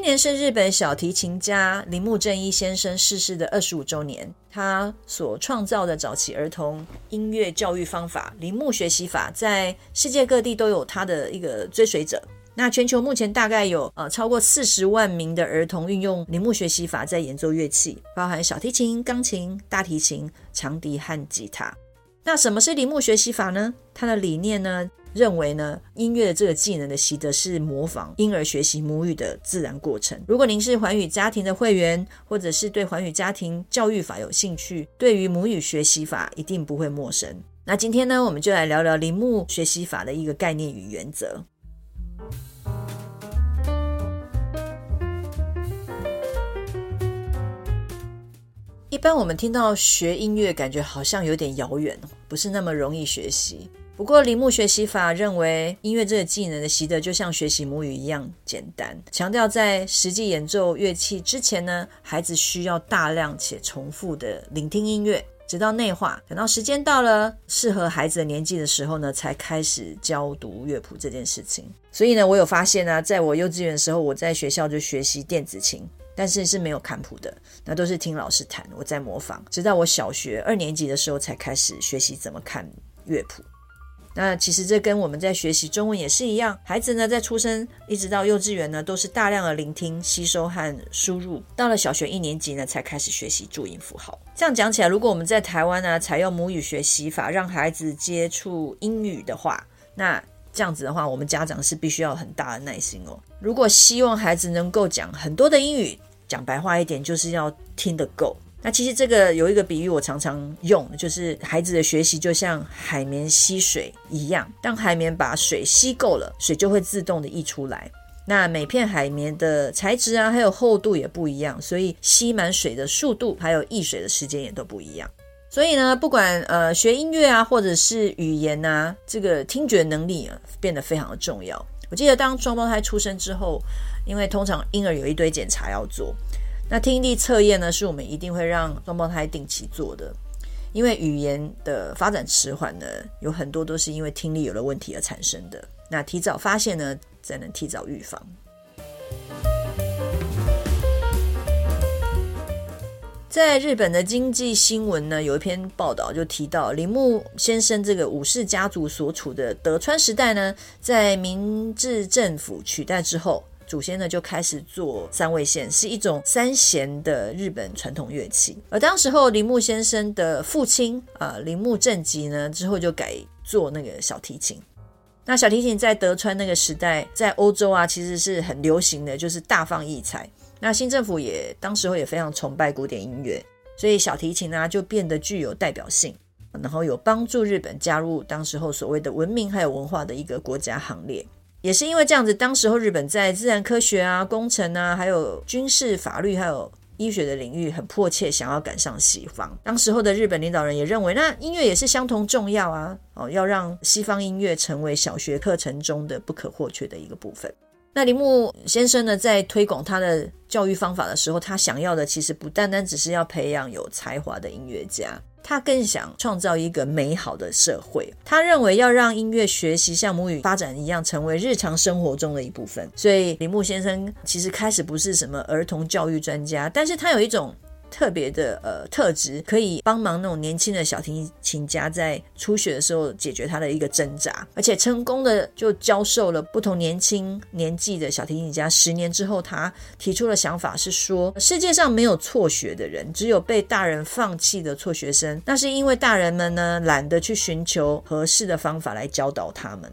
今年是日本小提琴家鈴木鎮一先生逝世的二十五周年。他所創造的早期兒童音樂教育方法——鈴木學習法，在世界各地都有他的一個追隨者。那全球目前大概有呃超過四十萬名的兒童運用鈴木學習法在演奏樂器，包含小提琴、鋼琴、大提琴、長笛和吉他。那什麼是鈴木學習法呢？它的理念呢，認為呢，音樂的這個技能的習得是模仿嬰兒學習母語的自然過程。如果您是寰宇家庭的會員，或者是對寰宇家庭教育法有興趣，對於母語學習法一定不會陌生。那今天呢，我們就來聊聊鈴木學習法的一個概念與原則。一般我們聽到學音樂，感覺好像有點遙遠，不是那麼容易學習。不過，鈴木學習法認為，音樂這個技能的習得就像學習母語一樣簡單，強調在實際演奏樂器之前呢，孩子需要大量且重複的聆聽音樂，直到內化。等到時間到了，適合孩子的年紀的時候呢，才開始教讀樂譜這件事情。所以呢，我有發現啊，在我幼稚園的時候，我在學校就學習電子琴，但是是沒有看譜的，那都是聽老師彈，我在模仿。直到我小學二年級的時候，才開始學習怎麼看樂譜。那其實這跟我們在學習中文也是一樣，孩子呢，在出生一直到幼稚園呢都是大量的聆聽、吸收和輸入，到了小學一年級呢才開始學習注音符號。這樣講起來，如果我們在台灣呢採用母語學習法，讓孩子接觸英語的話，那這樣子的話，我們家長是必須要很大的耐心哦。如果希望孩子能夠講很多的英語，講白話一點，就是要聽得夠。那其實這個有一個比喻，我常常用，就是孩子的學習就像海綿吸水一樣，當海綿把水吸夠了，水就會自動的溢出來。那每片海綿的材質啊，還有厚度也不一樣，所以吸滿水的速度，還有溢水的時間也都不一樣。所以呢，不管呃學音樂啊，或者是語言啊，這個聽覺能力啊，變得非常的重要。我記得當雙胞胎出生之後，因為通常嬰兒有一堆檢查要做。那聽力測驗呢，是我們一定會讓雙胞胎定期做的，因為語言的發展遲緩呢，有很多都是因為聽力有了問題而產生的。那提早發現呢，才能提早預防。在日本的經濟新聞呢，有一篇報道就提到鈴木先生這個武士家族所處的德川時代呢，在明治政府取代之後。祖先呢，就開始做三味線，是一種三弦的日本傳統樂器。而當時候鈴木先生的父親啊，呃，鈴木正吉呢，之後就改做那個小提琴。那小提琴在德川那個時代，在歐洲啊，其實是很流行的，就是大放異彩。那新政府也當時候也非常崇拜古典音樂，所以小提琴呢、啊、就變得具有代表性，然後有幫助日本加入當時候所謂的文明還有文化的一個國家行列。也是因為這樣子，當時候日本在自然科學啊、工程啊，還有軍事、法律，還有醫學的領域，很迫切想要趕上西方。當時候的日本領導人也認為，那音樂也是相同重要啊，哦，要讓西方音樂成為小學課程中的不可或缺的一個部分。那鈴木先生呢，在推廣他的教育方法的時候，他想要的其實不單單只是要培養有才華的音樂家。他更想創造一個美好的社會。他認為要讓音樂學習像母語發展一樣，成為日常生活中的一部分。所以鈴木先生其實開始不是什麼兒童教育專家，但是他有一種特別的呃特質，可以幫忙那種年輕的小提琴家在初學的時候解決他的一個掙扎，而且成功的就教授了不同年輕年紀的小提琴家。十年之後，他提出的想法是說，世界上沒有輟學的人，只有被大人放棄的輟學生。那是因為大人們呢懶得去尋求合適的方法來教導他們。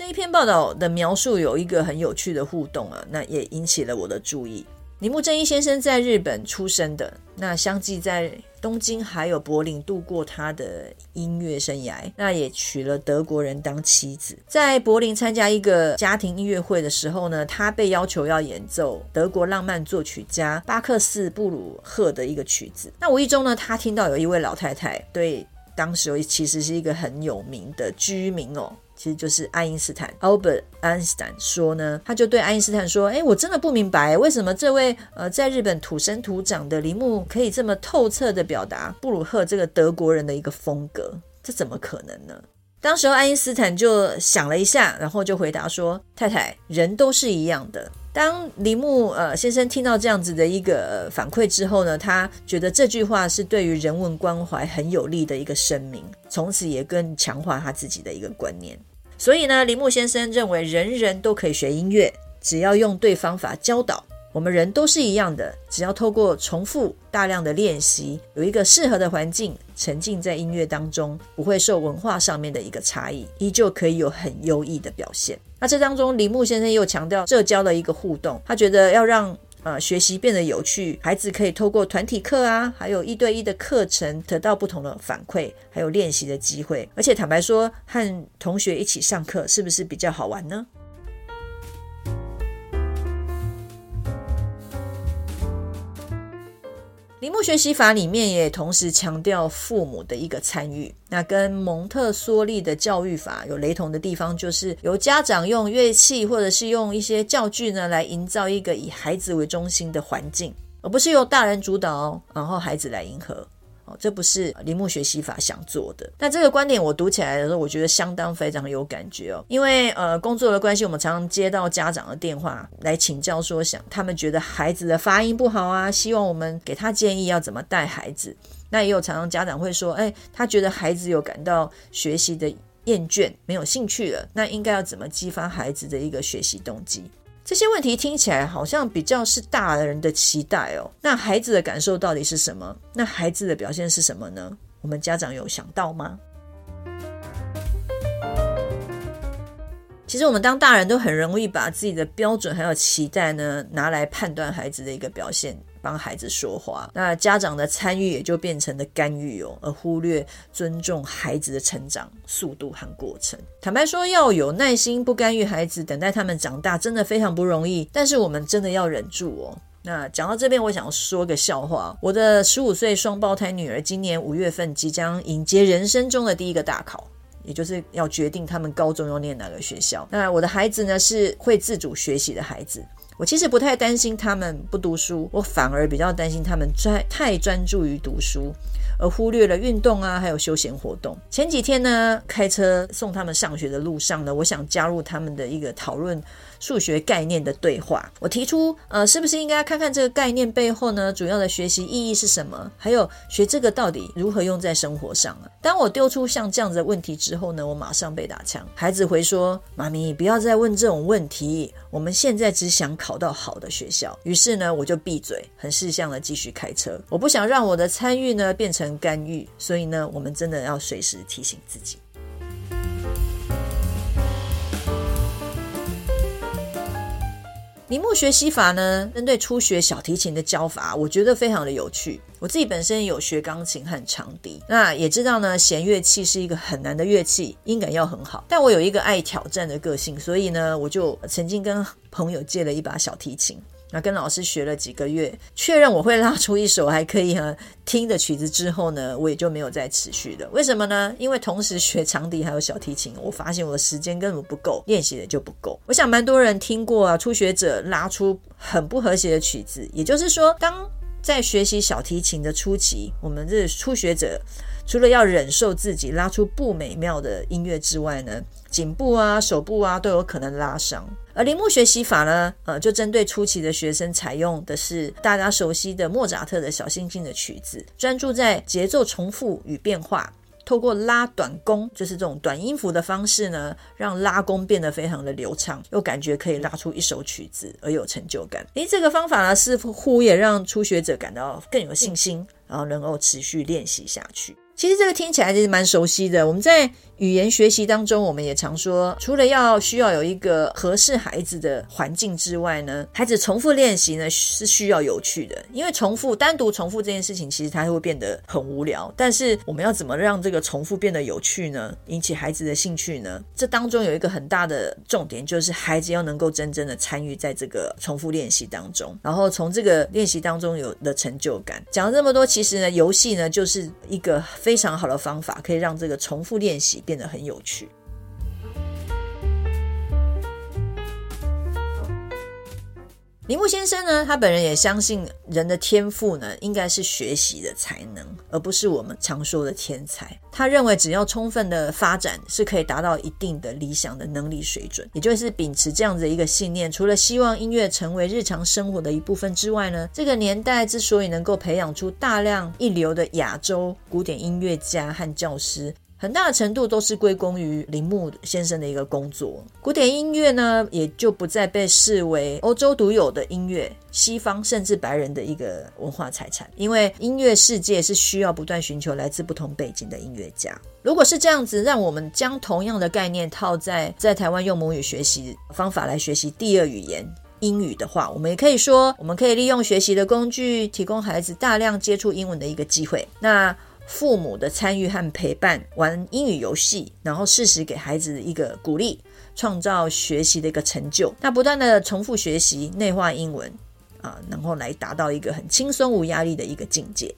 這一篇報道的描述有一個很有趣的互動啊，那也引起了我的注意。鈴木鎮一先生在日本出生的，那相繼在東京還有柏林度過他的音樂生涯。那也娶了德國人當妻子，在柏林參加一個家庭音樂會的時候呢，他被要求要演奏德國浪漫作曲家巴克斯布魯赫的一個曲子。那無意中呢，他聽到有一位老太太，對當時其實是一個很有名的居民哦。其實就是愛因斯坦，Albert 愛因斯坦說呢，他就對愛因斯坦說：“哎，我真的不明白，為什麼這位呃在日本土生土長的鈴木可以這麼透徹的表達布魯赫這個德國人的一個風格，這怎麼可能呢？”當時候愛因斯坦就想了一下，然後就回答說：“太太，人都是一樣的。當黎”當鈴木呃先生聽到這樣子的一個反饋之後呢，他覺得這句話是對於人文關懷很有利的一個聲明，從此也更強化他自己的一個觀念。所以呢，鈴木先生認為人人都可以學音樂，只要用對方法教導，我們人都是一樣的。只要透過重複大量的練習，有一個適合的環境，沉浸在音樂當中，不會受文化上面的一個差異，依舊可以有很優異的表現。那這當中，鈴木先生又強調社交的一個互動，他覺得要讓，呃，學習變得有趣，孩子可以透過團體課啊，還有一對一的課程，得到不同的反饋，還有練習的機會。而且坦白說，和同學一起上課，是不是比較好玩呢？鈴木學習法裡面也同時強調父母的一個參與，那跟蒙特梭利的教育法，有雷同的地方，就是由家長用樂器或者是用一些教具呢，來營造一個以孩子為中心的環境，而不是由大人主導，然後孩子來迎合。哦，這不是鈴木學習法想做的，但這個觀點我讀起來的時候，我覺得相當非常有感覺哦。因為呃工作的關係，我們常常接到家長的電話來請教說，說想他們覺得孩子的發音不好啊，希望我們給他建議要怎麼帶孩子。那也有常常家長會說，哎，他覺得孩子有感到學習的厭倦，沒有興趣了，那應該要怎麼激發孩子的一個學習動機？這些問題聽起來好像比較是大人的期待哦，那孩子的感受到底是什麼？那孩子的表現是什麼呢？我們家長有想到嗎？其實我們當大人都很容易把自己的標準還有期待呢，拿來判斷孩子的一個表現。幫孩子說話，那家長的參與也就變成了干預哦，而忽略尊重孩子的成長速度和過程。坦白說，要有耐心不干預孩子，等待他們長大，真的非常不容易。但是我們真的要忍住哦。那講到這邊，我想說個笑話，我的十五歲雙胞胎女兒，今年五月份即將迎接人生中的第一個大考。也就是要決定他們高中要念哪個學校。那我的孩子呢，是會自主學習的孩子，我其實不太擔心他們不讀書，我反而比較擔心他們專太專注於讀書，而忽略了運動啊，還有休閒活動。前幾天呢，開車送他們上學的路上呢，我想加入他們的一個討論數學概念的對話。我提出，呃，是不是應該看看這個概念背後呢，主要的學習意義是什麼？還有學這個到底如何用在生活上啊？當我丟出像這樣子的問題之後，後呢，我馬上被打槍。孩子回說：“媽咪，不要再問這種問題，我們現在只想考到好的學校。”於是呢，我就閉嘴，很識相的繼續開車。我不想讓我的參與呢變成干預，所以呢，我們真的要隨時提醒自己。鈴木學習法呢，針對初學小提琴的教法，我覺得非常的有趣。我自己本身有學鋼琴和長笛，那也知道呢，弦樂器是一個很難的樂器，音感要很好。但我有一個愛挑戰的個性，所以呢，我就曾經跟朋友借了一把小提琴。那跟老師學了幾個月，確認我會拉出一首還可以呵、啊、聽的曲子之後呢，我也就沒有再持續了。為什麼呢？因為同時學長笛還有小提琴，我發現我的時間根本不夠，練習的就不夠。我想蠻多人聽過啊，初學者拉出很不和諧的曲子，也就是說，當在學習小提琴的初期，我們這是初學者。除了要忍受自己拉出不美妙的音樂之外呢，頸部啊、手部啊都有可能拉傷。而鈴木學習法呢，呃，就針對初期的學生採用的是大家熟悉的莫扎特的《小星星》的曲子，專注在節奏重複與變化，透過拉短弓，就是這種短音符的方式呢，讓拉弓變得非常的流暢，又感覺可以拉出一首曲子而有成就感。誒，這個方法呢，似乎也讓初學者感到更有信心，嗯、然後能夠持續練習下去。其實這個聽起來其實蠻熟悉的。我們在語言學習當中，我們也常說，除了要需要有一個合適孩子的環境之外呢，孩子重複練習呢是需要有趣的，因為重複，單獨重複這件事情，其實它會變得很無聊。但是我們要怎麼讓這個重複變得有趣呢？引起孩子的興趣呢？這當中有一個很大的重點，就是孩子要能夠真正的參與在這個重複練習當中，然後從這個練習當中有的成就感。講了這麼多，其實呢，遊戲呢就是一個非常好的方法，可以讓這個重複練習變得很有趣。鈴木先生呢，他本人也相信人的天賦呢，應該是學習的才能，而不是我們常說的天才。他認為只要充分的發展，是可以達到一定的理想的能力水準。也就是秉持這樣子的一個信念，除了希望音樂成為日常生活的一部分之外呢，這個年代之所以能夠培養出大量一流的亞洲古典音樂家和教師。很大程度都是歸功於鈴木先生的一個工作。古典音樂呢，也就不再被視為歐洲獨有的音樂，西方甚至白人的一個文化財產。因為音樂世界是需要不斷尋求來自不同背景的音樂家。如果是這樣子，讓我們將同樣的概念套在在台灣用母語學習方法來學習第二語言英語的話，我們也可以說，我們可以利用學習的工具，提供孩子大量接觸英文的一個機會。那，父母的參與和陪伴，玩英語遊戲，然後適時給孩子一個鼓勵，創造學習的一個成就，那不斷的重複學習，內化英文，啊、呃，然後來達到一個很輕鬆無壓力的一個境界。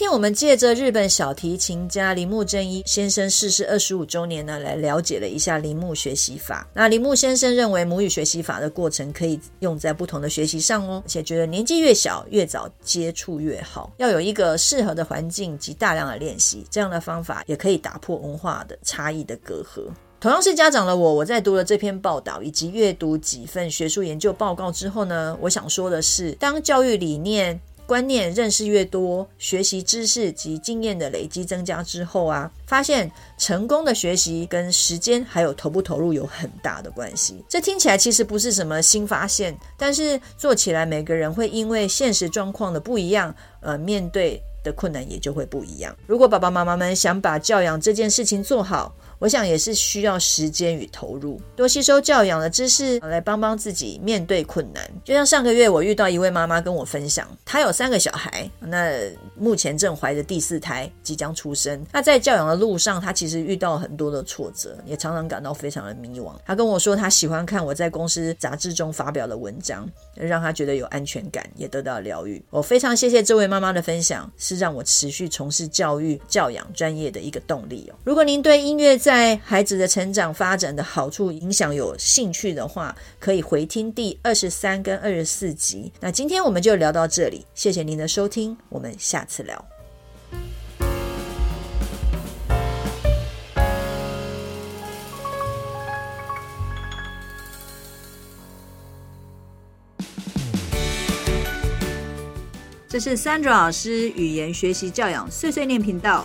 今天我們借着日本小提琴家鈴木鎮一先生逝世二十五週年呢，來了解了一下鈴木學習法。那鈴木先生認為，母語學習法的過程可以用在不同的學習上哦，而且覺得年紀越小越早接觸越好，要有一個適合的環境及大量的練習。這樣的方法也可以打破文化的差異的隔閡。同樣是家長的我，我在讀了這篇報道以及閱讀幾份學術研究報告之後呢，我想說的是，當教育理念。觀念認識越多，學習知識及經驗的累積增加之後啊，發現成功的學習跟時間還有投不投入有很大的關係。這聽起來其實不是什麼新發現，但是做起來每個人會因為現實狀況的不一樣，而、呃、面對的困難也就會不一樣。如果爸爸媽媽們想把教養這件事情做好，我想也是需要時間與投入，多吸收教養的知識來幫幫自己面對困難。就像上個月我遇到一位媽媽跟我分享，她有三個小孩，那目前正懷着第四胎即將出生。那在教養的路上，她其實遇到了很多的挫折，也常常感到非常的迷惘。她跟我說，她喜歡看我在公司雜誌中發表的文章，讓她覺得有安全感，也得到療癒。我非常謝謝這位媽媽的分享，是讓我持續從事教育教養專，專業的一個動力哦。如果您對音樂在在孩子的成長發展的好處影響有興趣的話，可以回聽第二十三跟二十四集。那今天我們就聊到這裡，謝謝您的收聽，我們下次聊。這是 Sandra 老師語言學習教養碎碎念頻道。